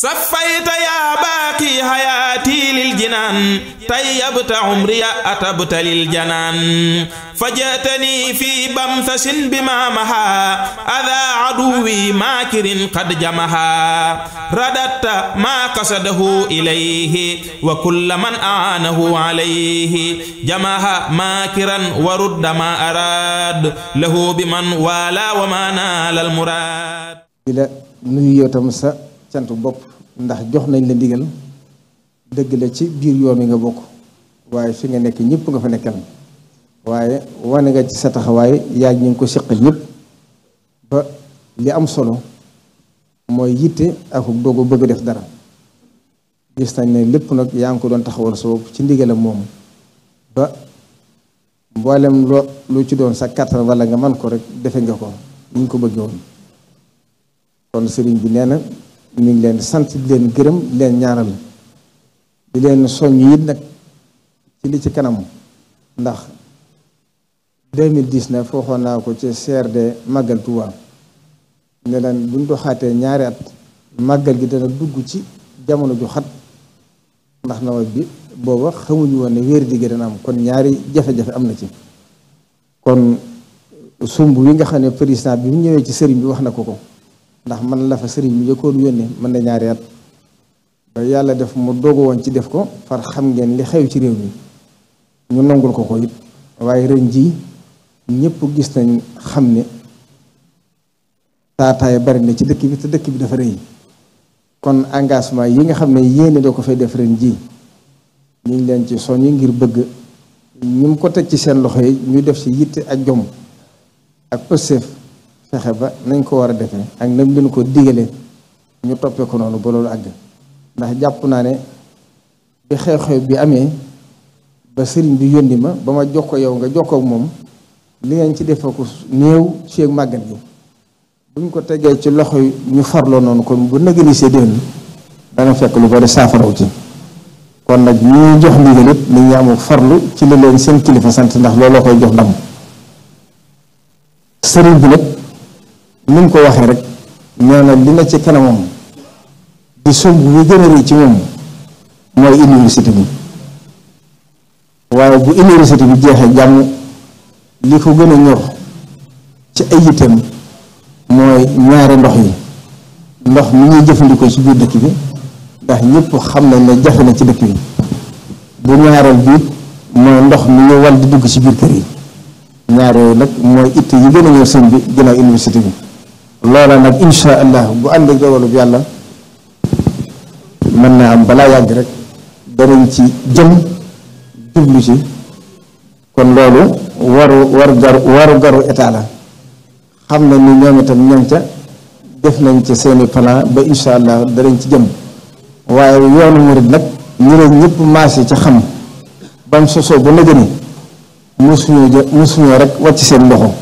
safayta yaa baaqi hayaati lil jinaan tayyabta umriya atabta lil janaan fajatani fi bamsasin bima maha adha aduwi maakirin qad jamaha radatta ma qasadahu ilayhi wa kulla man aanahu alayhi jamaha maakiran wa rudda ma arad lahu biman wala wa ma naalal murad cantu bopp ndax jox nañ la ndigal dëgg la ci biir yoon wi nga bokk waaye fi nga nekk ñëpp nga fa nekkal waaye wane nga ci sa taxawaay yaa ñu ngi ko siqal ñépp ba li am solo mooy yitte ak dogu bëgg def dara gis nañ ne lépp nag yaa ngi ko doon taxawal sa bopp ci ndigalam moom ba mboolem loo lu ci doon sa kàttan wala nga man ko rek defe nga ko ñu ko bëggee woon kon sëriñ bi nee ñu ngi leen sant di leen gërëm di leen ñaaral di leen soññ yit nag ci li ci kanam ndax 2019 waxoon naa ko ci CRD màggal Tuuba ne leen buñ doxaatee ñaari at màggal gi dana dugg ci jamono ju xat ndax nawet bi booba xamuñu woon ne wéer digg dana am kon ñaari jafe-jafe am na ci kon sumb wi nga xam ne président bi mu ñëwee ci sëriñ bi wax na ko ko ndax mën la fa sëriñ bi njëkkoon yónnee mën na ñaari at ba yàlla def mu doogu woon ci def ko far xam ngeen li xew ci réew mi ñu nangul ko ko it waaye ren ji ñëpp gis nañ xam ne taataay bari na ci dëkk bi te dëkk bi dafa rëy kon engagement yi nga xam ne yéene doo ko fee def ren ji ñu ngi leen ci soññi ngir bëgg ñu ko teg ci seen loxo yi ñu def ci yitte ak jom ak pësef fexe ba nañ ko war a defee ak nañ leen ko digalee ñu toppee noonu ba loolu àgg ndax jàpp naa ne bi xew-xew bi amee ba sëriñ bi yónni ma ba ma jox ko yow nga jox ko moom li ngeen ci defee ko néew ci gi buñ ko tegee ci loxo yi ñu farloo noonu kon bu nëgëlisee déwén dana fekk lu bari saafaraw ci kon nag ñuy jox ndigal it nañu am farlu ci la leen seen kilifa sant ndax looloo koy jox ndam sëriñ bi nag ni mu ko waxee rek nee na li na ci kanamam di sumb bi gën a rëy ci moom mooy université bi waaye bu université bi jeexee jàmm li ko gën a ñor ci ay yitteem mooy ñaari ndox yi ndox mu ñuy jëfandikoo ci biir dëkk bi ndax ñëpp xam nañ ne jafe na ci dëkk bi bu ñaareel bi mooy ndox mu ñu wal di dugg ci biir kër yi ñaar yooyu nag mooy itte yi gën a ñor sëñ bi ginnaaw université bi loola nag insha allah bu ànd ak dogalub yàlla mën na am balaa yàgg rek danañ ci jëm jublu ci kon loolu waru waru garu waru la xam na ni ñoom itam ñoom ca def nañ ci seeni plan ba insha allah danañ ci jëm waaye yoonu murid nag ñu ne ñëpp maase ci xam bam sosoo ba nëgëni musuñoo jë musuñoo rek wàcc seen loxo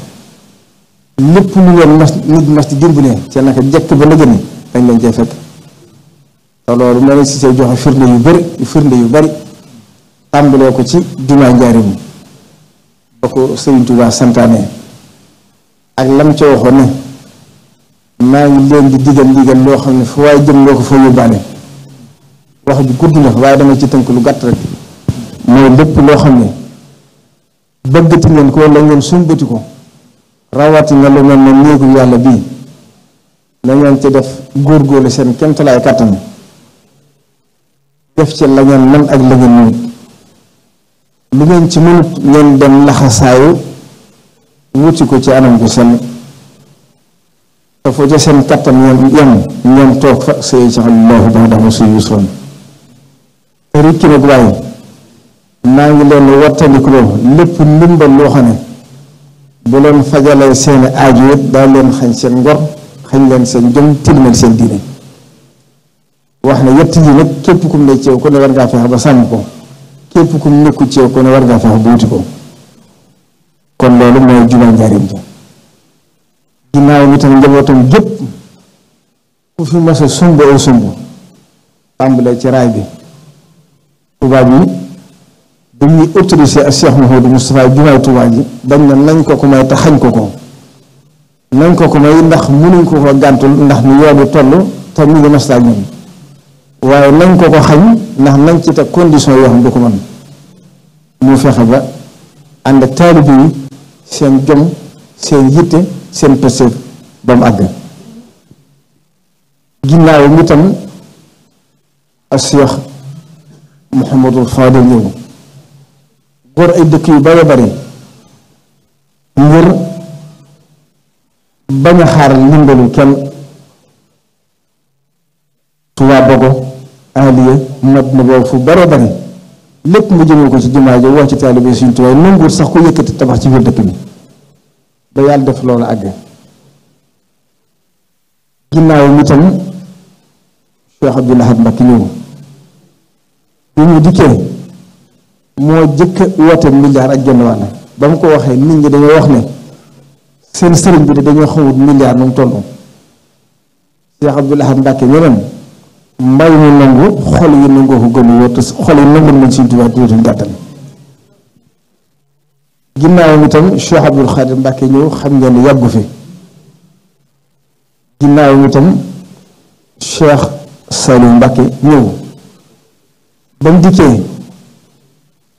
lépp lu leen mas nit mas di dimbalee ca naka jekk ba la gën dañ leen cee fekk te loolu mel si see joxe firnde yu bëri firnde yu bëri tàmbalee ko ci jumaa njaarim ba ko Sëriñ Tuubaa santaane ak lam ca waxoon ne maa ngi leen di digal digal loo xam ne fu waaye jëm loo ko fa yóbbaale wax ju gudd la waaye dama ci tënk lu gàtt rek mooy lépp loo xam ne bëggati ngeen ko walla ngeen sumbati ko rawatina lu mel ne néegu yàlla bii na ngeen ci def góor góorgóorlu seen kéemtalaay kàttan def ci la ngeen mën ak la ngeen mënut lu ngeen ci mënut ngeen dem laxasaayu wuti ko ci anam gu sell te foo ca seen kàttan ngeen yem ngeen toog fa sëy ci allahu ba dama suy yusoon te rikki nag waaye maa ngi leen wattandikuloo lépp ndimbal loo xam ne bu leen fajalee seeni aaju it daa leen xañ seen ngor xañ leen seen jëm tilmal seen diine wax ne yett yi nag képp kum ne ko ne war ba sàmm ko képp kum nekku ceew ko ne war ngaa fexe ba wuti ko kon loolu mooy jumaa njaarim ja ginnaaw bi tam njabootam gépp ku fi mas sumb oo sumb tàmbalee ci raay bi tubaab yi bi muy autorisé ak Cheikh Mouhamadou Moustapha jumaay Tuubaa ji dañ na nañ ko ko may te xañ ko ko nañ ko ko may ndax mënuñ ko ko gàntul ndax ni yoon wi toll te mu ngi mastaa ñoom waaye nañ ko ko xañ ndax nañ ci teg condition yoo xam du ko mën mu fexe ba ànd ak taalibe yi seen jom seen yitte seen pëstéef ba mu àgg ginnaaw mi tam ak Cheikh Mouhamadou Fadel ñëw wër ay dëkk yu bare bari ngir bañ a xaar ndimbalu kenn Tuubaa Bogo Aliya mat na boobu fu bare bari lépp mu jëmee ko ci jumaa ja woo ci taalibe Sëriñ Tuubaa nanguwul sax ku yëkkati tabax ci biir dëkk bi ba def loolu àgg ginnaaw mi tam Cheikh Abdoul Ahad Mbacké ñëw bi ñu dikkee moo jëkk woote milliard ak genn wàll ba mu ko waxee nit ñi dañoo wax ne seen sëriñ bi de dañoo xamut milliard nu mu toll. Cheikh Abdoul Ahad Mbacke ñeneen mbay mu ko gëm woo te xol itam Cheikh Abdoul Khadir Mbacke ñëw xam ngeen ne yàggu fi. ginnaawam itam Cheikh Saliou Mbacke ñëw ba mu dikkee.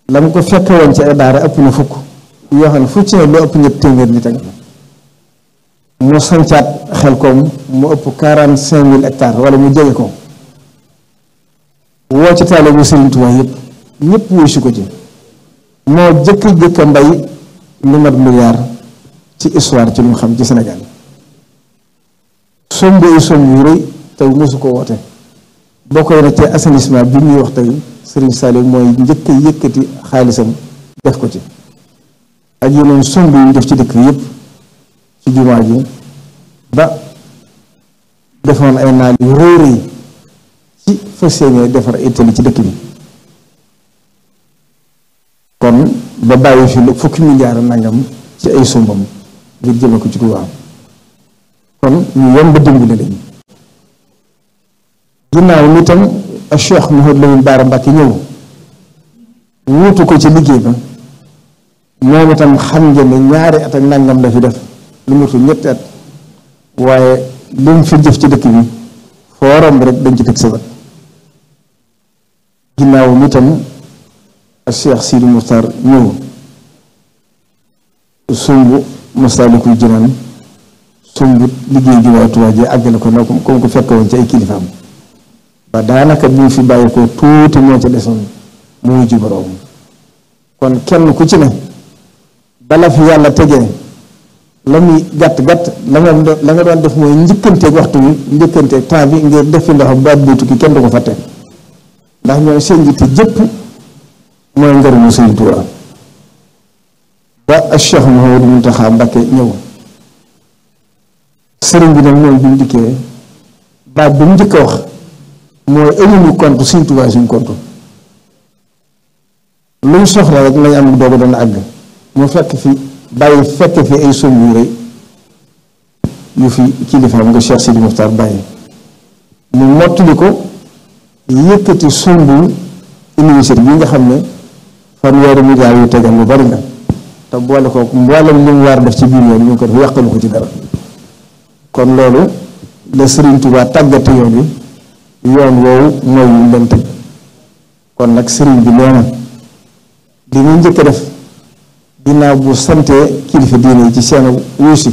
la mu ko fekkee woon ci ay daara ëpp na fukk yoo xam ne fu ci ne lu ëpp ñëpp téeméer nit ak mu sancaat xel koom mu ëpp quarante cinq mille hectares wala mu jege ko woo ci taale mu Sëriñ Tuubaa yëpp ñëpp wuy si ko ci moo jëkk-jëkk a mbay lu mat milliard ci histoire ci lu mu xam ci Sénégal somb yi somb yu rëy te mosu ko woote boo koy rek ci assainissement bi muy wax tey Serigne Saliou mooy njëkk a yëkkati xaalisam def ko ci ak yeneen somb yuñ def ci dëkk bi yëpp ci jumaa ji ba defoon ay naal yu rëy rëy ci fas yéene defar ay ci dëkk bi kon ba bàyyi fi lu fukki nangam ci ay sumbam ngir jëme ko ci Tuubaa kon ñu yomb dimbali lañu ginnaaw nitam ak Cheikh Mouhamadou Lamine Bara Mbacké ñëw wuutu ko ci liggéey ba moom itam xam ngeen ñaari at ak nangam la fi def lu matul ñetti at waaye li mu fi jëf ci dëkk bi foo romb rek dañ ci teg sa bët ginnaaw mi tam ak Cheikh Sidi Mokhtar ñëw sumb Masaalikul Jinaan sumb liggéey jumaa Tuubaa ji àggale ko na comme ko fekkoon ci ay kilifaam ba daanaka bi ñu fi bàyyi ko tuuti moo ci desoon mu wujj boroom kon kenn ku ci ne bala fi yàlla tegee la muy gàtt gàtt la nga def mooy njëkkanteeg waxtu bi njëkkanteeg temps bi ngir def fi ndox baat bi tukki kenn du ko fàtte ndax ñoom seen yitte jëpp mooy ngërëmu Sëriñ Tuubaa ba Cheikh Mouhamadou Mountakha Mbacké ñëw sëriñ bi nag moom bi mu dikkee baat bi mu njëkk a wax. mooy amuñu compte suñ tubaay suñ compte luñ soxla rek lañ am doog a àgg mu fekk fi bàyyi fekk fi ay som yu rëy yu fi kilifaam nga Cheikh Sidi Mokhtar bàyyi mu mottali ko yëkkati sumbu université bi nga xam ne fanweeri milliards yu tegal lu bari la te boole ko mboolem lu mu war def ci biir yoon ñu ngi ko def yàqalu ko ci dara kon loolu la Serigne Touba tàggate yoon wi yoon woowu mooy yu lënt kon nag sëriñ bi nee na li ñu njëkk def ginnaaw bu santee kilifa diine yi ci seen wuusi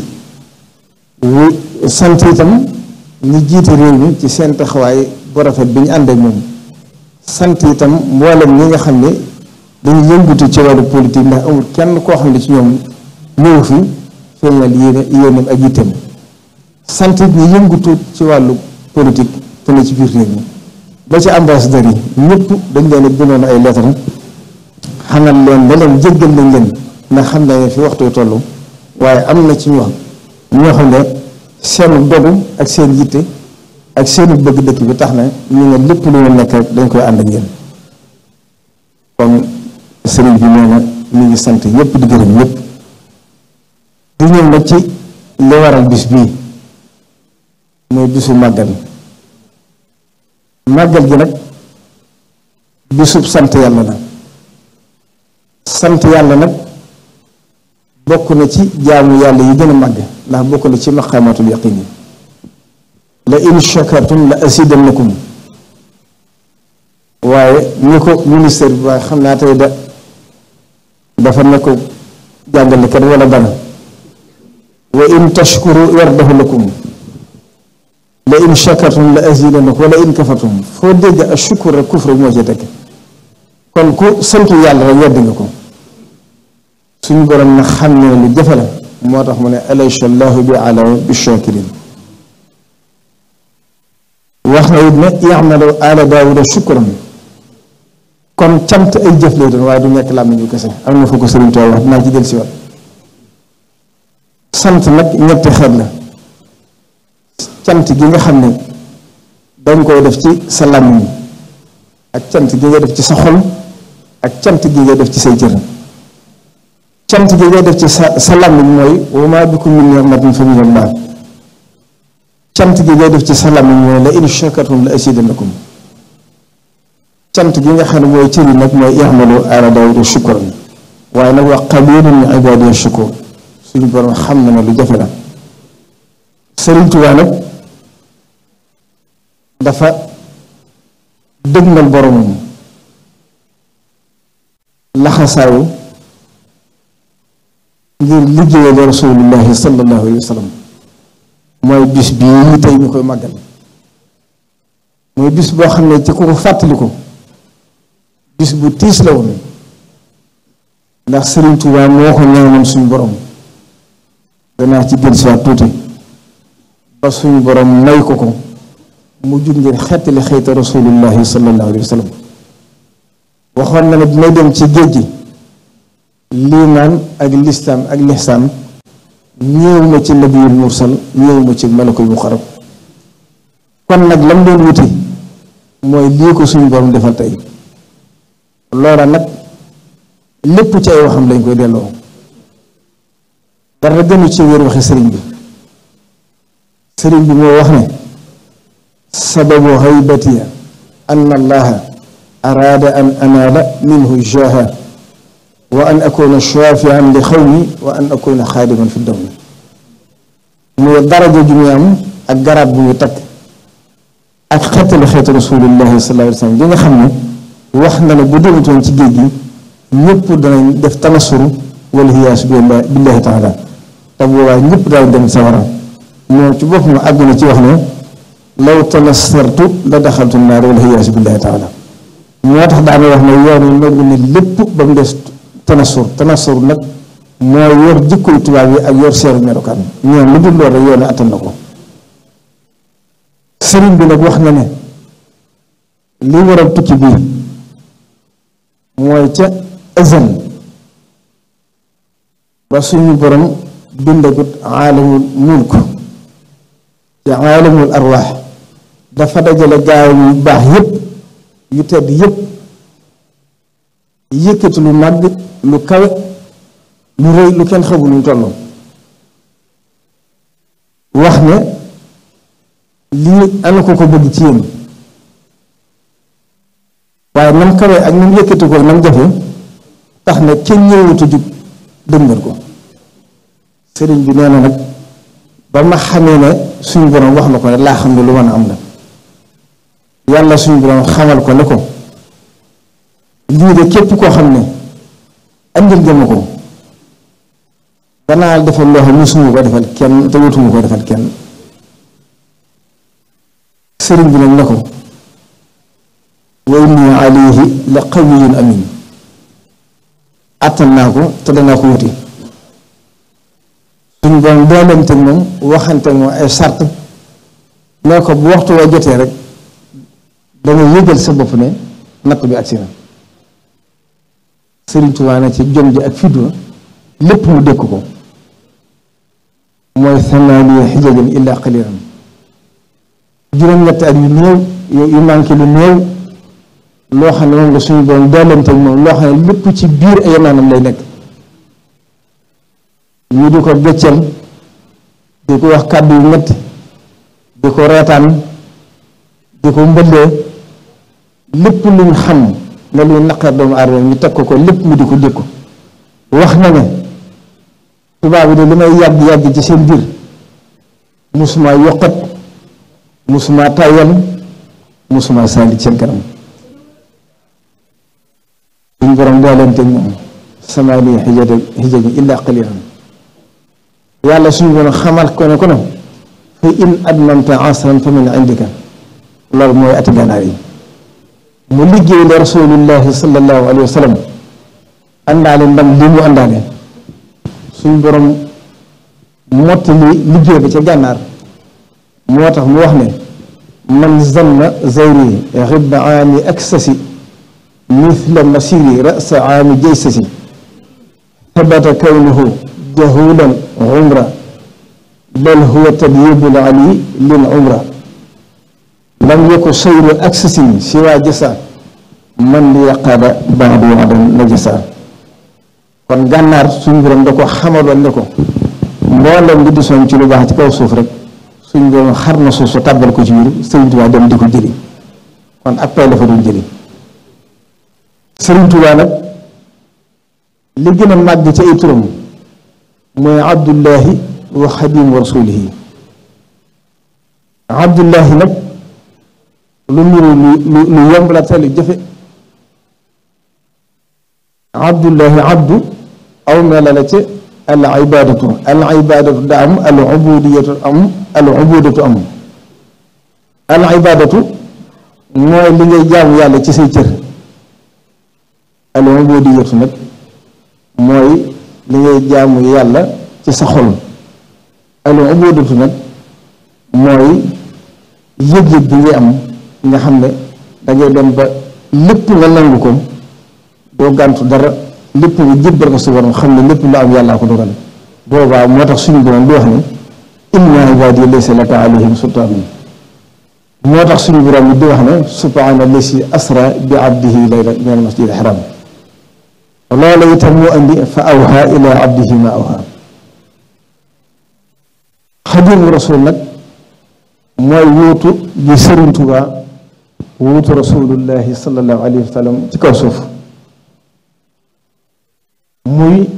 wu sant itam ñi jiite réew mi ci seen taxawaay bu rafet bi ñu ànd ak moom sant itam mboolem ñi nga xam ne dañu yëngutu ci wàllu politique ndax amul kenn koo xam ne ci ñoom ñëw fi feeñal yéene yéeneem ak yitteem sant ñi yëngutu ci wàllu politique te ne ci biir réew mi ba ci ambassadeur yi ñëpp dañ leen bindoon ay lettre xamal leen ba leen jéggal nañ leen ndax xam nañ ne fi waxtu toll waaye am na ci ñoo ñoo xam ne seen dogu ak seen yitte ak seen bëgg dëkk bi tax na ñu ne lépp lu ñu nekk rek dañ koy ànd ak yéen kon sëriñ bi nee na ngi sant ñëpp di gërëm ñëpp di ñëw nag ci li waral bis bii mooy bisu màggal màggal gi nag bisub sant yàlla la sant yàlla nag bokk na ci jaamu yàlla yi gën a màgg ndax bokk na ci maqaamatul yaqin yi la in shakartum la asidannakum waaye ni ko ministère bi waaye xam naa tey da dafa ne ko jàngalekat wala dana wa in tashkuru yardahu lakum la in shakartum la azidannakum wala in kafartum foo dégg ak shukur ak kufr moo ci tekk kon ku sant yàlla rek weddi nga ko suñu borom na lu jafe moo tax mu ne alaysa allahu bi alama bi shakirin wax na it ne yamalu ala daawuda shukran kon cant ay jëf lay waaye du nekk làmmiñ bu kese am na foo ko sëriñ Tuubaa wax dinaa ci dellusiwaat sant nag ñetti xeet cant gi nga xam ne dañ koo def ci sa làmmiñ ak cant gi nga def ci sa xol ak cant gi nga def ci say cër cant gi ngay def ci sa sa làmmiñ mooy wa maa bikum min cant gi ngay def ci sa làmmiñ mooy la in shakartum la azidannakum cant gi nga xam ne mooy cër nag mooy i'malu aala daawuda shukran waaye nag wa qalilun min ibaadiya shakuur suñu borom xam na ne lu jafe la Sëriñ Tuubaa nag dafa dëgmal boromam laxasaayu ngir liggéeyal rasulullahi sallallahu alayhi wa mooy bis bii tey ñu koy màggal mooy bis boo xam ne ci ku ko fàttaliku bis bu tiis la woon ndax Sëriñ Tuubaa moo ko ñaanoon suñu borom danaa ci gën si tuuti ba suñu borom may ko ko mu jug ngeen xettali xëyta rasulullahi sallallahu alayhi wa sallam waxoon na ne may dem ci géej gi liimaan ak lislaam ak lixsaan ñëw ma ci nabiyul mursal ñëw ma ci malakul muqarrab kon nag lam doon wuti mooy lii ko suñu borom defal tey loola nag lépp ci ay waxam lañ koy delloo dara gënu ci wér waxi sëriñ bi sëriñ bi moo wax ne sababu haybatiha an allaha araada an anaala minhu jaha wa an akuna shafian li xawmi wa an akuna xaadiman fi dawla muy daraja ju ñu am ak garab bu ñu takk ak xettali xeetu rasulillahi sallallahu alayhi wa sallam bi nga xam ne wax na ne bu dematoon ci géej gi ñëpp danañ def tanasuru wala hiyaasu billahi taala te boobaa ñëpp daal dem sawara moom ci boppam àgg na ci wax ne law tanasartu la daxaltu naar wala iyaasu billahi taala moo tax daanay wax ne yoon yi nangu ne lépp ba mu des tanasur tanasur nag moo yor jikkoy tubaab yi ak yor seeru melokaan ñoom lu dul loolu rek yoon attan na ko sëriñ bi nag wax na ne li waral tukki bii mooy ca azal ba suñu borom bindagut aalamul mulk te aalamul arwaax dafa dajale gaayam yu baax yépp yu tedd yépp yëkkati lu màgg lu kawe lu rëy lu kenn xamul lu tolloon wax ne lii ana ko ko bëgg ci yéen waaye nam kawe ak nam yëkkati ko nam jafe tax na kenn ñëwut a jug ko sëriñ bi nee na nag ba ma xamee ne suñu borom wax na ko ne laa xam ne lu mën a am la yàlla suñu borom xamal ko ne ko lii de képp koo xam ne andil gëma ko danaa defal loo xam musuma ko defal kenn te wutuma ko defal kenn sëriñ bi nag ne ko wa inni alayhi la qawiyun amin attan naa ko te danaa ko wuti suñu borom dooleente moom waxante moom ay sart ne ko bu waxtu wa jotee rek da ngay yëgal sa bopp ne natt bi agsi na Sëriñ Tuubaa ci jom ji ak fiddu lépp mu dékk ko mooy samaaniya xijajan illaa qalilan juróom-ñetti at yu néew yu manqué lu néew loo xam ne moom nga suñu doon daalante moom loo xam ne lépp ci biir ay yemaanam lay nekk ñu di ko beccal di ko wax kàddu yu métti di ko reetaan di ko mbëllee lépp mu xam ne luy naqar doomu aadama ñu teg ko ko lépp mu di ko dékku wax na ne tubaab yi de li may yàgg ci seen biir musuma yokkat musuma tayal musuma saali ci seen kanam suñ borom daa leen teg moom sama lii xijata xijata illa qalilan yàlla suñu borom xamal ko ne ko ne fa in admamta asran fa min indika loolu mooy ati gànnaar yi mu liggéey la rasulillahi sallallahu alayhi wa sallam àndaale ndam li mu àndaale suñ borom mottali liggéey ba ca gànnaar moo tax mu wax ne man zanna zayri ribba aami aksasi mithla masiri rasa aami jaysasi tabata kawnuhu jahulan umra bal huwa tadyibul ali lil umra lam ko seyru ak sisiyi si waa jasaan man li yaqaada baadu waadan la jasaan kon gànnaar suñ borom da ko xamaloon ne ko mboolem li desoon ci lu baax ci kaw suuf rek suñ borom xar na soo su tàbbal ko ci biir Sëriñ Tuubaa dem di ko jëli kon ak pay la fa doon jëli Sëriñ Tuubaa nag li gën a màgg ci ay turam mooy abdullahi wa xadimu rasulihi abdullahi nag lu nuru lu lu yomb la te lu jëfe abdullahi abdu aw mela la ci al ibadatu al ibadatu da am al ubudiyatu am al ubudatu am al ibadatu mooy li ngay jaamu yàlla ci say cër al ubudiyatu nag mooy li ngay jaamu yàlla ci sa xol al ubudatu nag mooy yëg-yëg bi ngay am nga xam ne dangay dem ba lépp nga nangu ko doo gàntu dara lépp nga jébbal ko sa borom xam ne lépp lu am yàllaa ko dogal boobaa moo tax suñu borom di wax ne inna ibaadi laysa laka alayhim sultaanun moo tax suñu borom di wax ne subhaana lasi asra bi abdihi layla min al masjid al haram loola itam moo andi fa awha ila abdihi ma awha xadimu rasul nag mooy wóotu di Sëriñ Tuubaa wuutu rasulullahi sallallahu alayhi wa sallam ci kaw suuf muy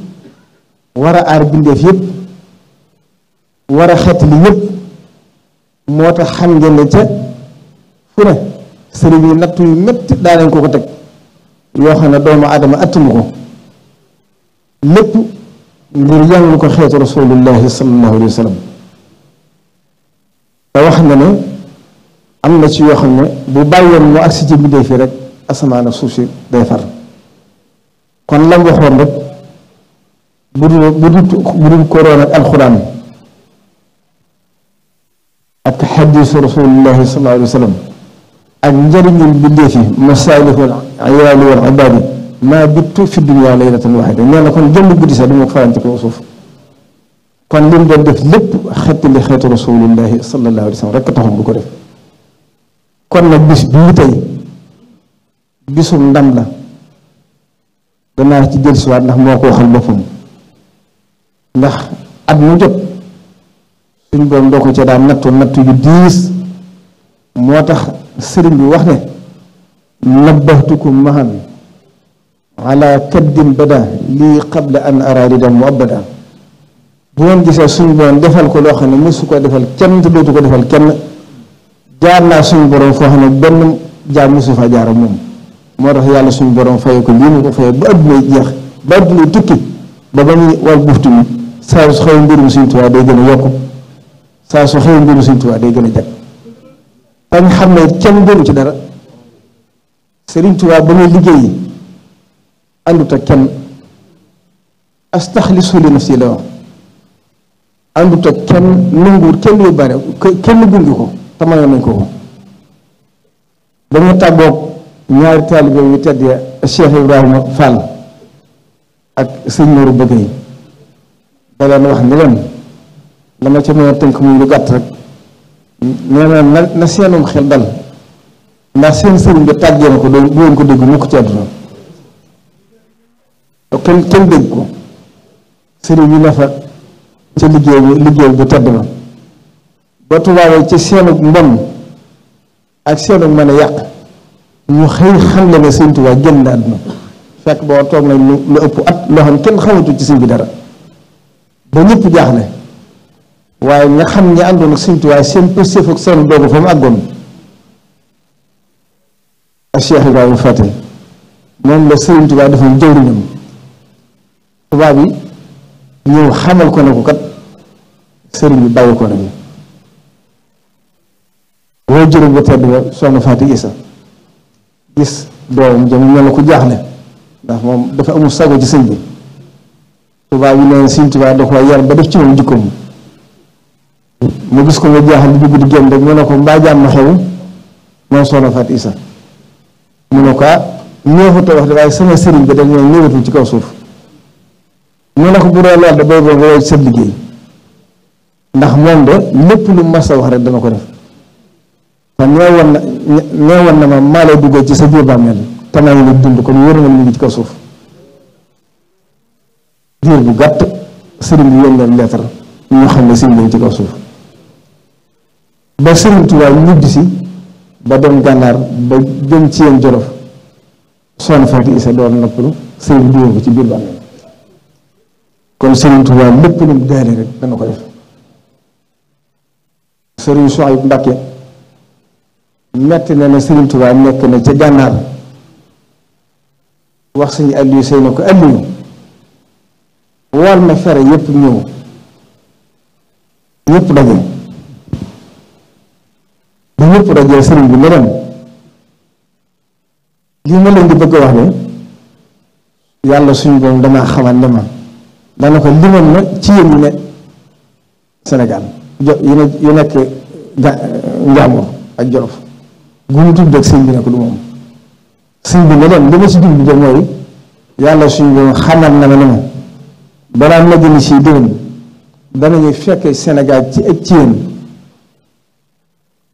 war a aar bindeef yépp war a xet li yépp moo tax xam ngeen ne ca fu ne nattu yu métti daanañ ko ko teg yoo xam ne doomu aadama attunu ko lépp ngir yàngu ko xeetu rasulullahi sallallahu alayhi wa sallam te wax na ne am xam ne bu bàyyoon mu agsi ci bindee fii rek asamaan ak suuf si day far kon lam waxoon rek bu dul bu dul bu dul koroon ak alxuraan ak xadiisu rasulillahi sallallahu alayhi wa sallam ak njëriñul bindee fi masaalihul ayaali wal ibaadi maa bittu fi dunya laylatan waxida nee na kon jëmm guddi sax dama ko fanaan ci kaw suuf kon li mu doon def lépp xettali xeetu rasulillahi sallallahu alayhi wa sallam rek taxoon bu ko def kon nag bis mu tey bisum ndam la danaa ci jël suwaat ndax moo ko waxal boppam ndax at mu jot suñ borom doo ko ca daan nattu nattu yu diis moo tax sëriñ bi wax ne nabbahtukum maham ala kaddin bada lii qabla an ararida mu abada bu ngeen gisee suñ borom defal ko loo xam ne su ko defal kenn te dootu ko defal kenn jaar naa suñu borom foo xam ne benn jaam mosu fa jaara moom moo tax yàlla suñu borom fay ko lii mu ko fay ba jeex ba adduna tukki ba ba muy war buftu mi saa su xëy mbirum suñu Tuubaa day gën a yokku saa su xëy mbirum suñu Tuubaa day gën a jag dañ xam ne kenn gënu ci dara Sëriñ Tuubaa ba muy liggéey yi àndut ak kenn li nafsi la wax àndut ak kenn nanguwul kenn yu bare kenn gungi ko tamayoon nañ ko ko ba mu tàggoog ñaari taalibe yu tedd Cheikh Ibrahima Fall ak sëñ Nourou Bëgg yi da leen tënk muy lu gàtt rek nee na na seenum xel dal ndax seen sëriñ bi tàggee ko doon bu ko dégg mukk ci àdduna te kenn kenn dégg ko sëriñ bi ne fa ca liggéey bi liggéey bi tedd na ba tubaabee ci seenug mbon ak seenug mën a yàq ñu xëy xam le ne sëñ Tuubaa génn na àdduna fekk boo toog nañ lu ëpp at loo xam kenn xamatu ci sëñ dara ba ñëpp jaaxle waaye nga xam ñi àndoon ak sëñ Tuubaa seen pëstéef mu àggoon moom la sëriñ Tuubaa defoon jëwriñam tubaab yi ñëw xamal ko na ko kat sëriñ bi bàyyi ko nañu woo juróom bu tedd ba soxna Fatou Issa gis doom jamono mel na ku jaaxle ndax moom dafa amul sago ci sëñ bi tubaab yi neen da yar ba def ci moom jikkoom mu gis ko nga jaaxal di dugg di génn rek mu ne ko mbaa jàmm xew moom soxna Fatou mu ne ko neexut ah sama sëriñ bi dañoo ñëwatul ci kaw suuf mu ne bu dee lool de bay boo ndax moom de lépp lu mas wax rek dana ko def ndax neewoon na ma maa lay duggee ci sa biir bàmmeel te naa ngi dund kon wóor nga mu ngi ci kaw suuf diir bu gàtt sëriñ bi yónnee leen leetar ñu xam ne sëriñ bi ci kaw suuf ba sëriñ Tuubaa ñibbi si ba dem gànnaar ba jëm ci yéen jolof soxna Fatou Issa doon noppalu sëriñ bi dugal ko ci biir bàmmeel kon sëriñ Tuubaa lépp lu mu daale rek dana ko def sëriñ Souhaïbou Mbacké metti na ne Serigne Touba nekk na ca gànnaar wax suñu Aliou Sey na ko Aliou war na fere yépp ñëw yépp daje bu yépp dajee Serigne bi ne leen li ma leen di bëgg a wax ne yàlla suñu boom damaa xamal ne ma dana ko limal ma ci yéen ñu ne Sénégal jo ne yu nekk ga ak Jolof bu mu tudd ak bi na ko lu moom sëñ bi ne leen li ma si jublu de mooy yàlla suñu doon xamal na ma ne ma balaa ma gën si déwén danañu fekkee Sénégal ci ak ci yéen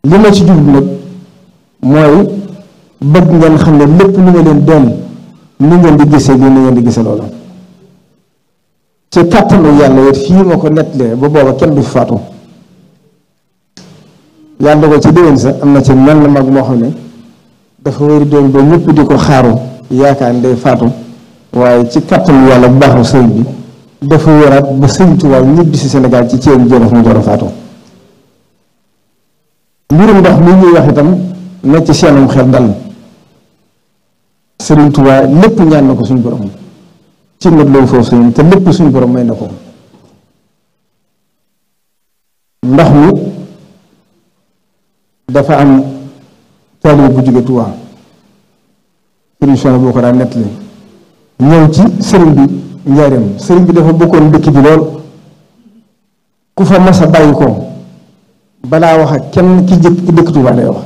li ma ci jublu nag mooy bëgg ngeen xam ne lépp lu nga leen doon ni ngeen di gisee lii ni ngeen di gisee loola ci kàttanu yàlla wet fii ma ko nettalee ba booba kenn du faatu yàlla dogal ci déwén sax am na ci mel na mag moo xam ne dafa wéri doon ba ñëpp di ko xaaru yaakaar ndey faatu waaye ci kàttan yàlla bu baaxu sëñ bi dafa wéraat ba sëñ Tuubaa ñibbi si Sénégal ci ceeb jolof mu door a faatu mbirum ndox mi ñuy wax itam na ci seenum xel dal sëriñ tubaab lépp ñaan na ko suñu borom ci mat loolu foofu sëñ te lépp suñu borom may na ko ndox mi dafa am taalibe bu jóge Tuubaa sëriñ Cheikh boo ko daan nettali ñëw ci sëriñ bi njaareem sëriñ bi dafa bëggoon dëkk bi lool ku fa mas a bàyyi ko balaa wax ak kenn ki jëkk dëkk Tuubaa lay wax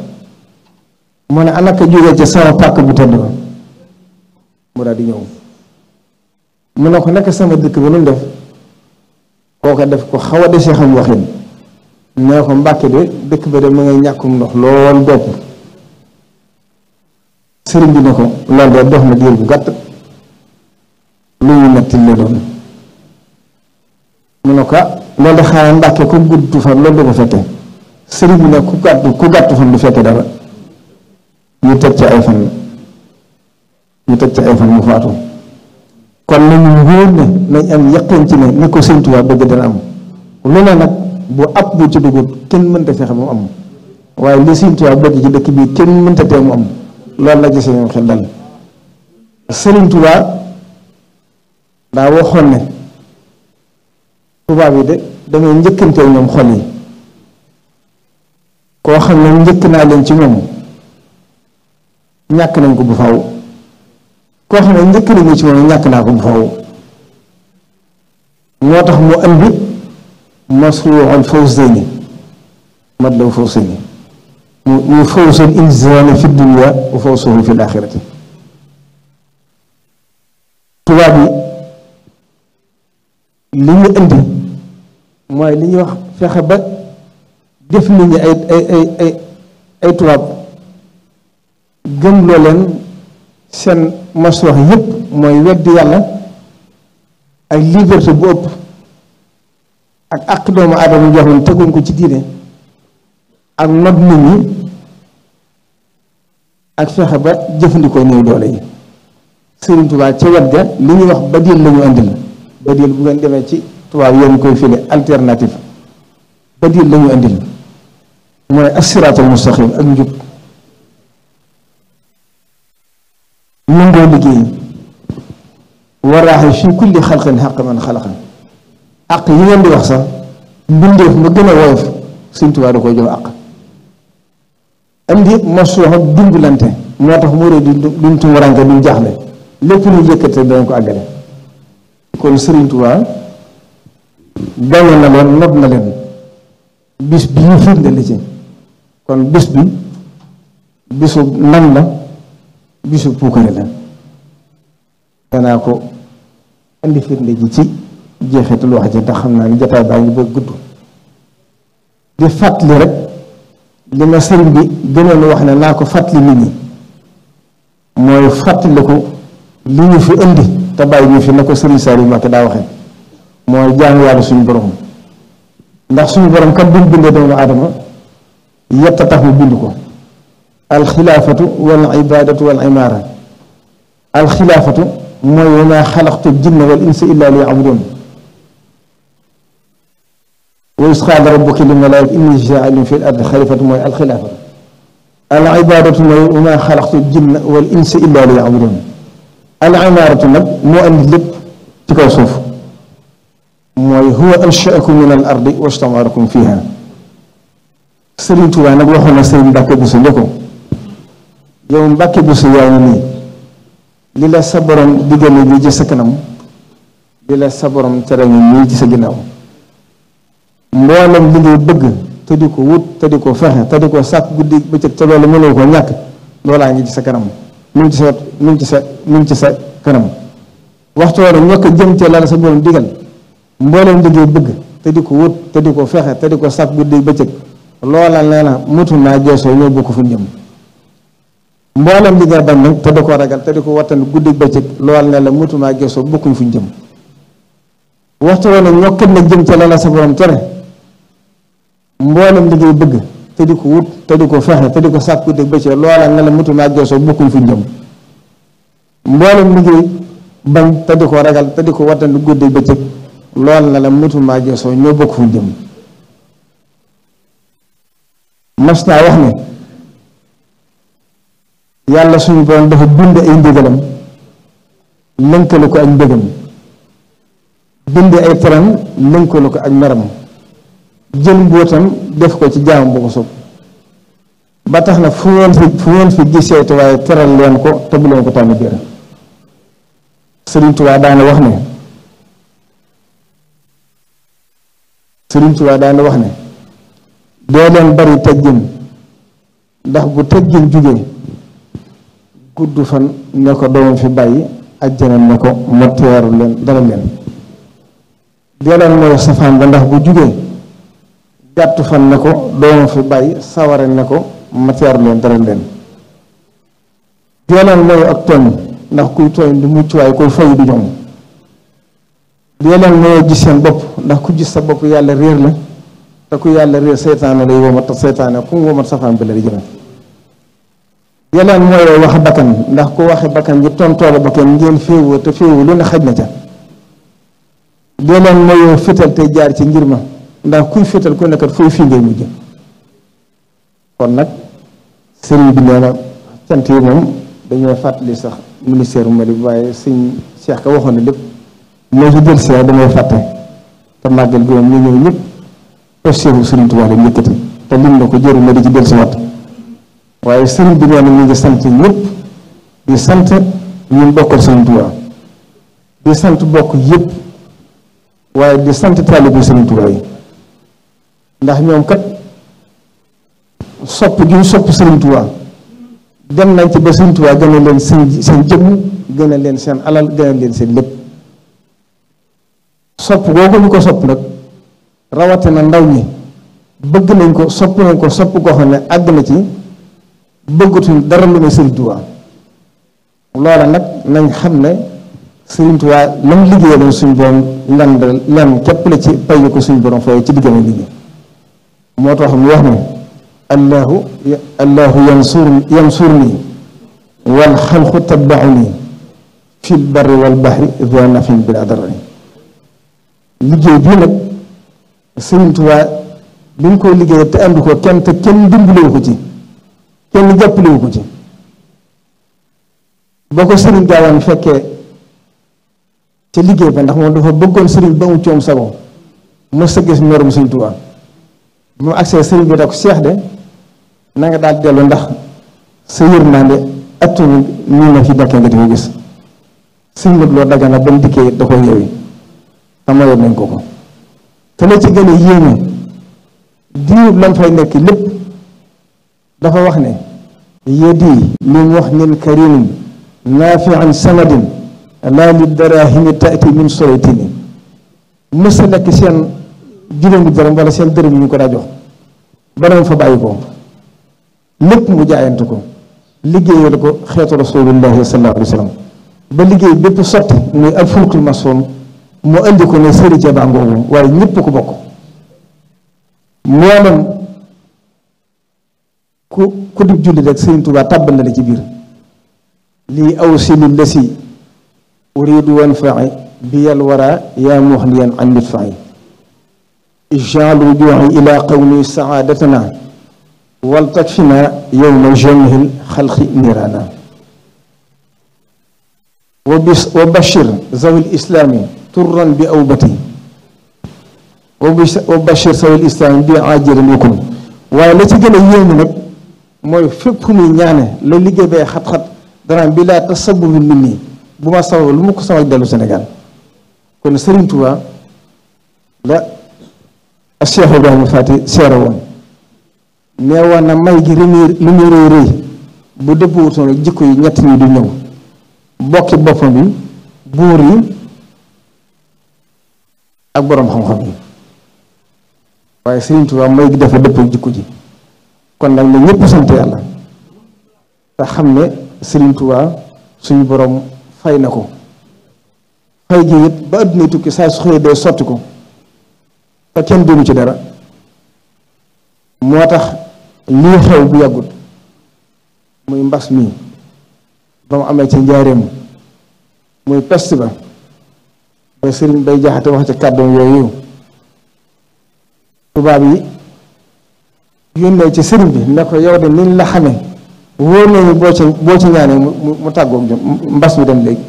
moo ne anaka jóge ca sama pàkk bu tedd mu daal di ñëw ne ko naka sama dëkk ba lu def kooka def ko xaw a desee xam waxin ne ko Mbàkke de dëkk ba de mu ngay ñàkkum ndox lool bopp sëriñ bi ne ko lool de dox na diir bu gàtt lu ñu metti la doon mu ne ko ah loolu de xaaral Mbàkke ku gudd fan loolu du ko fekke sëriñ bi ne ku gàtt ku gàtt fan du fekke dara ñu teg ci ay fan ci ay fan mu faatu kon nañu wóor ne nañ am yaqin ci ne ni ko Sëriñ Tuubaa bëgg dana am lu ne nag boo ab bu ci dugub kenn mënta fexe mu am waaye li Sëriñ bëgg ci dëkk bii kenn mënta tee mu am loolu la ci seen xel dal Sëriñ daa waxoon ne tubaab yi de damay njëkkante ñoom xol yi koo xam ne njëkk naa leen ci moom ñàkk nañ ko bu faw koo xam ne njëkk nañu ci moom ñàkk naa ko bu faw moo tax mu andi مشروع الفوزين مطلب فوزين وفوز الإنسان في الدنيا وفوزه في الآخرة tubaab yi li ñu indi mooy li ñuy wax fexe ba def nit ñi ay ay ay ay ay tubaab gëm loo leen seen masrox yépp mooy weddi yàlla ak liberté bu ëpp ak àq doomu aadama jox woon teguñ ko ci diine ak nodd nit ñi ak fexe ba jëfandikoo néew doole yi Sëriñ Tuubaa ci wet ga li ñuy wax badil la ñu andil badil bu ngeen demee ci tubaab yéen koy file alternative badil la ñu andil mooy assiraatal mustaqim ak njub nangoo liggéey waraaxe fii kulli xalqin xaq man xalaqa ak yi ngeen di wax sax mbindeef ma gën a woyof Sëñ Tuubaa da koy jox àq am di masuux ak dimbalante moo tax mu réer duñ tumuranke duñ jaaxle lépp lu yëkkate danañ ko àggale kon Sëriñ Tuubaa na leen nob na leen bis bi ñu firndeli ci kon bis bi bisu nan la bisu puukare la danaa ko indi firnde ji ci jeexital wax ji ndax xam naa ni jotaay baa ngi gudd di fàttali rek li ma sëriñ bi gënoon wax ne naa ko fàtt nit ñi mooy fàttaliku li ñu fi indi te bàyyi mu fi na ko sëriñ Saliou Mbacké daa waxee mooy jaamu yàlla suñu borom ndax suñu borom kat bi mu bindee doomu aadama yetta tax mu bind ko alxilaafatu wal ibaadatu wal alxilaafatu mooy wa maa xalaqtu jinna wal insa illa li yabudun wa iz qaala rabbuka lil malaa'ikati innii jaa'ilun fil ardi xaliifatan mooy alxilaafa al ibaadatu mooy wa maa xalaqtu jinna wal insa illaa liya'buduun al imaaratu nag moo andi lépp ci kaw suuf mooy huwa ansha'akum min al ardi wastamarakum fiihaa Sëriñ Tuubaa nag waxoon na Sëriñ Mbàkke Buso ne ko yow Mbàkke Buso yaa ngi nii li la sa borom digal bi ci sa kanam li la sa borom tere nii ci sa ginnaaw mboolem li ngay te di ko wut te di ko fexe te di ko sàkk guddi bëccëg te loolu mënoo koo ñàkk loolaa ngi ci sa kanam mu ngi ci sa mu ngi ci sa mu ngi ci sa kanam waxtu wala ñokk jëm ci la sa borom digal mboolem li bëgg te di ko wut te ko fexe te di ko sàkk guddi bëccëg loolal nee na mutu naa geesoo ñoo bokk fu jëm mboolem li ngay bañ nag te di ko ragal ko wattan guddi bëccëg loola nee na mutu naa geesoo bokkuñ fu jëm waxtu wala ñokk jëm ci la sa borom tere mboolem li ngay bëgg te di ko wut te di ko fexe te di ko sàkku te bëccëg loola nga ne mutuma ak joosoo bokkuñ fu jëm ko ragal te di ko wattandu guddi ñoo bokk fu jëm mas naa wax ne yàlla suñu borom dafa bind ay ndigalam lënkale ko ak mbëggam bind ay teram lënkale ko ak meram jël mbóotam def ko ci jaam bu ko sob ba tax na fu ngeen fi fu ngeen fi gisee te waaye teral leen ko te bu leen ko tànn biir Sëriñ Tuubaa wax ne Sëriñ Tuubaa wax ne doo leen bari teggin ndax bu teggin jóge gudd fan ne ko doomu fi bàyyi ajjana ne ko mo teeru leen dara leen doo leen mooy safaan ba ndax bu jóge gàtt fan ne ko dooma fi bàyyi saware ne ko ma teeru leen leen deelal mooy ak tooñ ndax kuy tooñ du mucc waaye koy fayu du ñoom deelal mooy seen bopp ndax ku gis sa bopp yàlla réer la te yàlla réer seytaane lay womat ku mu womat mooy wax bakkan ndax ku waxe bakkan ji tontoole bakkan ngeen féewoo te féewoo lu ne xaj na ca deelal mooy fital te jaar ci ngir ma ndax kuy féetal ku nekkat fooy fii ngay mujj kon nag sëriñ bi nee na yi moom dañoo fàttali sax ministère mali waaye sëñ Cheikh ka waxoon na lépp moo si jël seex damay fàtte te màggal gi moom ñëpp posteeru sëriñ Tuubaa lañ te lim na ko jëru ma di ci dellusiwaat waaye sëriñ bi nee na ñu ngi sant ñëpp di sant ñun bokkal sëriñ Tuubaa di sant bokk yëpp waaye di sant taalibu sëriñ Tuubaa yi ndax ñoom kat sopp gi ñu sopp Sëriñ dem nañ ci ba Sëriñ Tuubaa gën a leen seen seen jëmm gën a leen seen alal gën a leen seen lépp sopp googu ñu ko sopp nag rawatina ndaw ñi bëgg nañ ko sopp nañ ko sopp koo xam ne àgg na ci bëggatuñ dara lu ne Sëriñ loola nag nañ xam ne Sëriñ Tuubaa lam liggéeyaloon suñ borom lan lan képp la ci payu ko suñ borom fooy ci diggante liggéey moo tax mu wax ne allahu allahu yansur yansurni wal xalqu tabauni fi lbarri wal bahri do nafin bila darari liggéey bii nag Sëriñ Tuubaa bi mu koy liggéey te ànd ko kenn te kenn dimbalewu ko ci kenn jàppalewu ko ci boo ko sëriñ gaawaan fekkee ca liggéey ba ndax moom dafa bëggoon sëriñ ba mu coom sago mu sëggee si ñorum Sëriñ Tuubaa bi mu agsee sëriñ bi ne seex de nanga nga daal dellu ndax sa yërmande attu nii ma fi dekke nga di ko gis sëñ mut loo daga ba mu dikkee da ko nañ ko ci gën a yéeme diirub lam dafa wax ne yadi li mu wax nin karimin naafian samadin laa li darahimi taati min soretini mësa nekk seen juróomi dërëm wala seen dërëm yi ñu ko daa jox ba fa bàyyi ko lépp mu jaayante ko liggéeyal ko xeetu rasulullahi sallallahu alayhi wa sallam ba liggéey bépp sotti muy al fulkul masoon mu andi ko ne sëri ca bàngoobu waaye ñëpp ko bokk moolam ku ku dib julli rek Sëriñ Tuubaa tàbbal na la ci biir lii awsilu lasi uridu wan faxe bi yal wara yaa muxliyan an nit faxe ijaalu juuxi ila qawmi saadatana wal takfina yowma jamihil xalqi niirana wa bashir zawil islaami turran bi awbati wa bashir zawil islaami bi ajirin yukun waaye la ci gën a yéeme nag mooy fépp fu muy ñaane la liggéey bee xat-xat danaan bi laa tasabubu nit ñi bu ma sabab lu mu ko sama dellu Sénégal kon Sëriñ Tuubaa la ak Cheikh Ibrahima Fati seere woon nee woon na may gi lu muy rëy rëy bu dëpp wutoon jikko yi ñett yi du ñëw bokki boppam yi buur yi ak boroom xam-xam yi waaye Sëriñ Tuubaa may gi dafa dëpp ak jikko ji kon nag ne ñëpp xam ne Sëriñ suñu borom fay na ko fay ji it ba tukki saa su xëyee dee sotti ko te kenn déggu ci dara moo tax lii xew bu yàggut muy mbas mi ba mu amee ci njaareem muy peste ba ba sëriñ bay jaxate wax ci kàddoom yooyu tubaab yi yónnee ci sëriñ bi ndax ko yow de niñ la xamee wóor nañu boo ci boo ci ñaanee mu mu tàggoog mbas mi dem léegi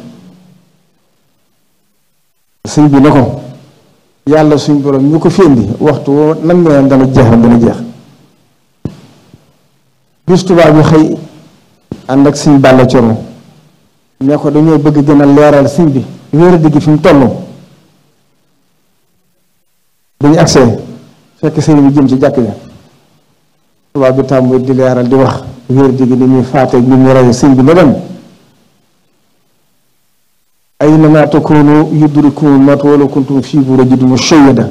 sëriñ bi ni ko yàlla suñ borom ñu ko féndi waxtu woo nan la dana jeex dana jeex bis tubaab bi xëy ànd ak suñ a coro ne ko dañoo bëgg gën a leeral suñ bi wéer digg fi mu toll dañu agsee fekk sëriñ bi jëm ci jàkk ja tubaab bi tàmbu di leeral di wax wéer digg ni muy faate ni muy rey suñ bi ne dem aynama takunu yudrikum al-mawt walaw kuntum fi burujin mushayyada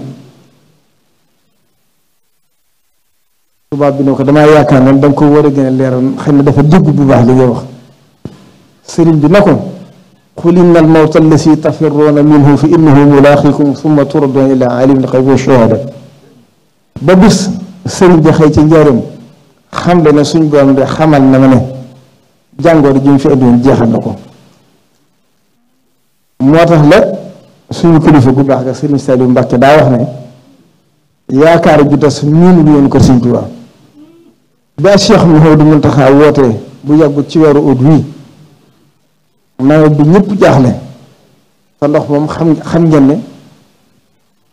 tubaab bi ne ko damaa yaakaar ne danga ko war a gën a leeral xëy na dafa dégg bu baax li ngay wax sëriñ bi na ko qul inna al-mawta allazi tafirruuna minhu fa innahu mulaaqiikum summa turadduuna ilaa aalimil ghaybi wash-shahaada ba bis sëriñ bi xëy ci njaaram xam le ne suñ borom de xamal na ma ne jàngoor ji mu fi indi woon jeexal na ko moo tax la suñu kilifa gu baax ga sëriñ Saliou Mbacke daa wax ne yaakaar ju tas ñun lu woon ko sëriñ Tuubaa ba Cheikh Mouhamadou Mountakha wootee bu yàggut ci weeru ut wii nawet bi ñëpp jaaxle te ndox moom xam xam ngeen ne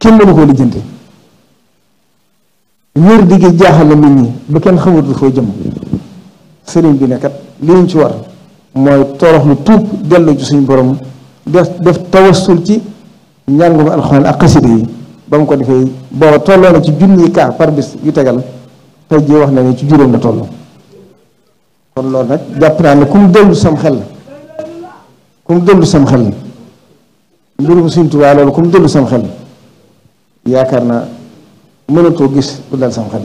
kenn mënu koo lijjanti ñër di gi jaaxal na nit ñi ba kenn xamatul foo jëm sëriñ bi ne kat li ñu ci war mooy torox tuub dellu ci suñu borom def def tawassul ci njàngum alxuraan ak xasida yi ba mu ko defee booba tolloo na ci junni kaa par bis yu tegal tey jii wax na ne ci juróom la toll kon loolu nag jàpp naa ne ku mu dellu sam xel ku mu dellu waa xel mbirum Sëriñ Tuubaa loolu ku mu dellu sam xel yaakaar naa mënatoo gis lu dal sam xel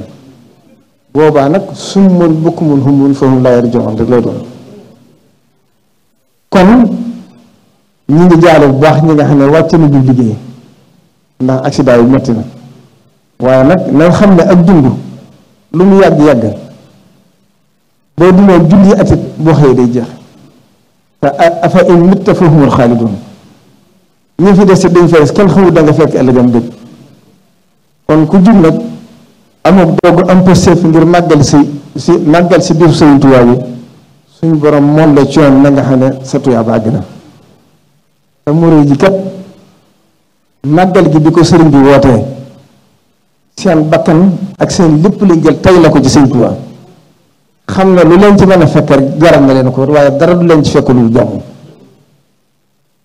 boobaa nag summun bukmun hummun fahum laa yarji'uun rek lay doon kon ñu ngi jaale bu baax ñi nga xam ne wàcc na jub liggéey ndax accident yi metti na waaye nag na xam ne ak dund lu mu yàgg-yàgg boo dundee junni atit boo xëyee day jeex te afa in mitta fa humul xaalidun ñi fi des dañ fees kenn xamul da nga fekk ëllëgam dëgg kon ku jub nag amul doog am pëseef ngir màggal si si màggal si biir Sëriñ Tuubaa bi suñ borom moom la coon na nga xam ne sa tuyaa ba àgg na te murid ji kat màggal gi bi ko sëriñ bi wootee seen bakkan ak seen lépp lañ jël tey la ko ci sëñ Tuubaa xam ne lu leen ci mën a fekk rek na leen ko waaye dara du leen ci fekk lu jàmm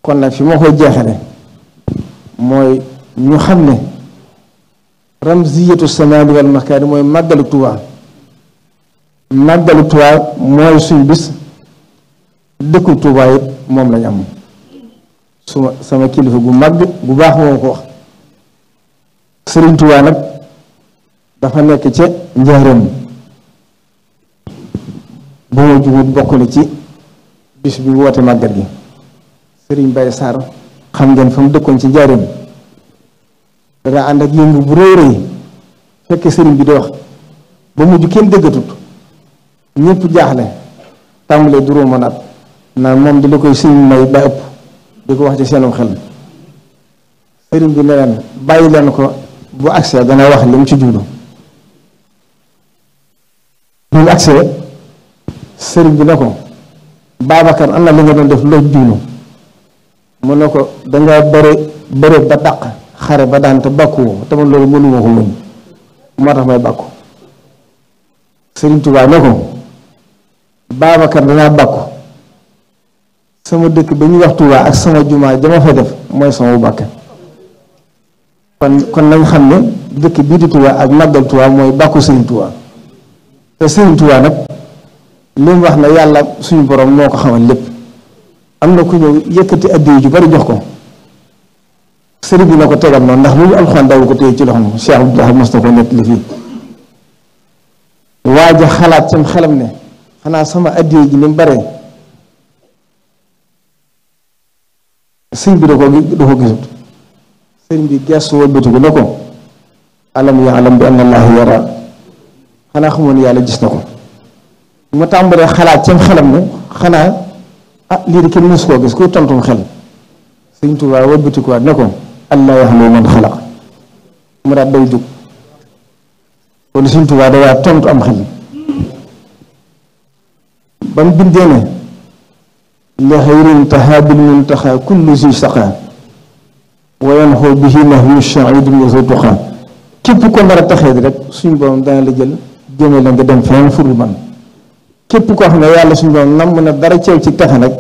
kon nag fi moo koy jeexale mooy ñu xam ne ramziyatu samaani wal makaani mooy màggalu Tuubaa màggalu Tuubaa mooy suñ bis dëkku Tuubaa it moom lañ am suma sama kilifa gu mag bu baax moom ko wax Sëriñ nag dafa nekk ca njaaram bu ma jugul bokk na ci bis bi woote màggat gi Sëriñ Baye sar xam ngeen fa mu dëkkoon ci njaaram danaa ànd ak yëngu bu rëy rëy fekke sëriñ bi di wax ba mujj kenn dëggatut ñépp jaaxle tàmbalee duróom naat naan moom di la koy sëriñ may ba ëpp di ko wax ci seenum xel sëriñ bi ne leen bàyyi leen ko bu agsee dana wax lu mu ci jublu bu mu agsee sëriñ bi ne ko Babacar am na li nga doon def loo jublu mu ne ko danga bëre bëre ba dàq xare ba daan te bàkkuwoo te ma loolu mënuma ko muñ moo tax may bàkku sëriñ Tuubaa ne ko Babacar danaa bàkku sama dëkk ba ñuy wax Touba ak sama jumaa jama fa def mooy sama bàkkan kon kon nañ xam ne dëkk bii di ak màggal Touba mooy bàkku Serigne Touba te Serigne Touba nag li mu wax na yàlla suñu borom moo ko xamal lépp am na ku ñëw yëkkati addiya ju bari jox ko sëriñ bi na ko tegal ndax lu ñu ko téye ci loxoom Cheikh Abdoulaye mos na ko nekk li fii waaja xalaat sam xelam ne xanaa sama addiya ji ni mu baree sëñ bi da koo da koo gisut sëñ bi gestu wëlbatiku ne ko alam yaalam bi anna Allaah yara xanaa xamoon yàlla gis na ko mu tàmbalee xalaat ci xelam ne xanaa ah lii de kenn mësu koo gis kuy tontum xel sëñ Tuubaa wëlbatikuwaat ne ko allah yaxlu man xalaq mu daal day jóg kon sëñ Tuubaa da tontu am xel ba mu bindee ne mu لغير انتهى بالمنتهى كل ذي سقى وينهو به نهو الشعيد وذو تقى képp ko nar a taxee rek suñu borom dana la jël jëmee la nga dem feneen furul man képp koo xam ne yàlla suñu borom namm na dara ceew ci texe nag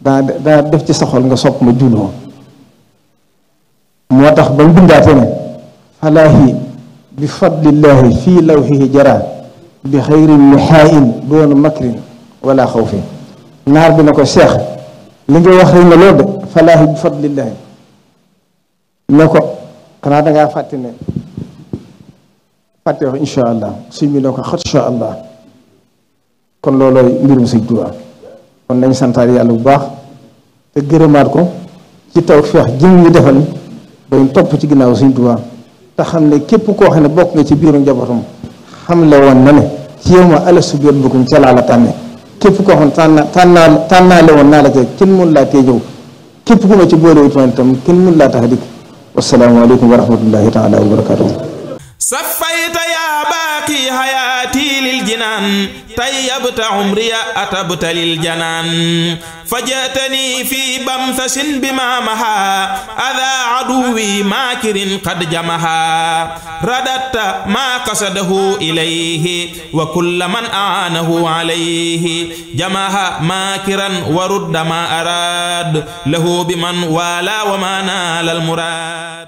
daa daa def ci sa xol nga sopp ma juuloo moo tax ba mu bindaate ne falaahi bi fadlillaahi fii lawxihi jara bi xayrin mihaa'in doona makrin wala xawfin naar bi na ko seex li nga wax rek nga loolu de falaahi bi fadlillahi ne ko xanaa dangaa fàtte ne fàtte wax insha allah suñ bi ko xat insha allah kon loolooy mbirum sëñ Tuubaa kon nañ santaar yàlla bu baax te gërëmaat ko ci taw tawfeex jëm ñu defal ba ñu topp ci ginnaaw sëñ Tuubaa te xam ne képp koo xam ne bokk nga ci biiru njabootam xam la woon na ne ci yow ma alastu bi rabbikum ca laa la tànne képp koo xam tànn tànnaa tànnaale woon naa la ca kenn mun laa tee ñëw képp ku ma ci boole wut man itam kenn mun laa tax a dikk wasalaamaaleykum wa rahmatullahi taala safayta yaa baaqi hayaati الجنان طيبت عمري أتبتلي الجنان فجأتني في بمثس بما محا أذا عدوي ماكر قد جمها رددت ما قصده إليه وكل من أعانه عليه جمها ماكرا ورد ما أراد له بمن والى وما نال المراد